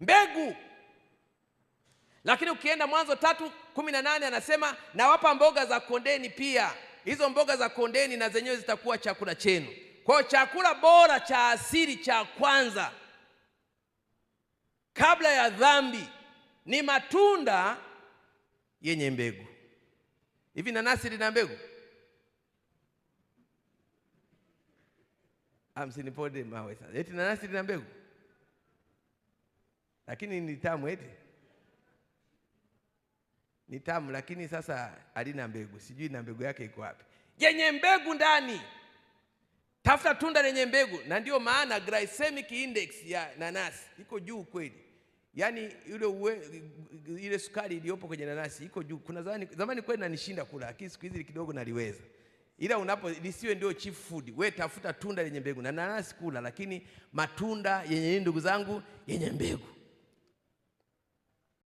mbegu. Lakini ukienda Mwanzo tatu kumi na nane anasema nawapa mboga za kondeni pia, hizo mboga za kondeni na zenyewe zitakuwa chakula chenu. Kwa hiyo chakula bora cha asili cha kwanza kabla ya dhambi ni matunda yenye mbegu. Hivi nanasi lina mbegu? amsinipode ah, mawe Eti nanasi lina mbegu? lakini ni tamu eti ni tamu, lakini sasa halina mbegu, sijui na mbegu yake iko wapi. Yenye mbegu ndani, tafuta tunda lenye mbegu. Na ndio maana glycemic index ya nanasi iko juu kweli, yaani ile ile sukari iliyopo kwenye nanasi iko juu. Kuna zamani, zamani kweli nanishinda kula, lakini siku hizi kidogo naliweza ila unapo lisiwe ndio chief food. We tafuta tunda lenye mbegu, na nanasi kula, lakini matunda yenye nini, ndugu zangu, yenye mbegu.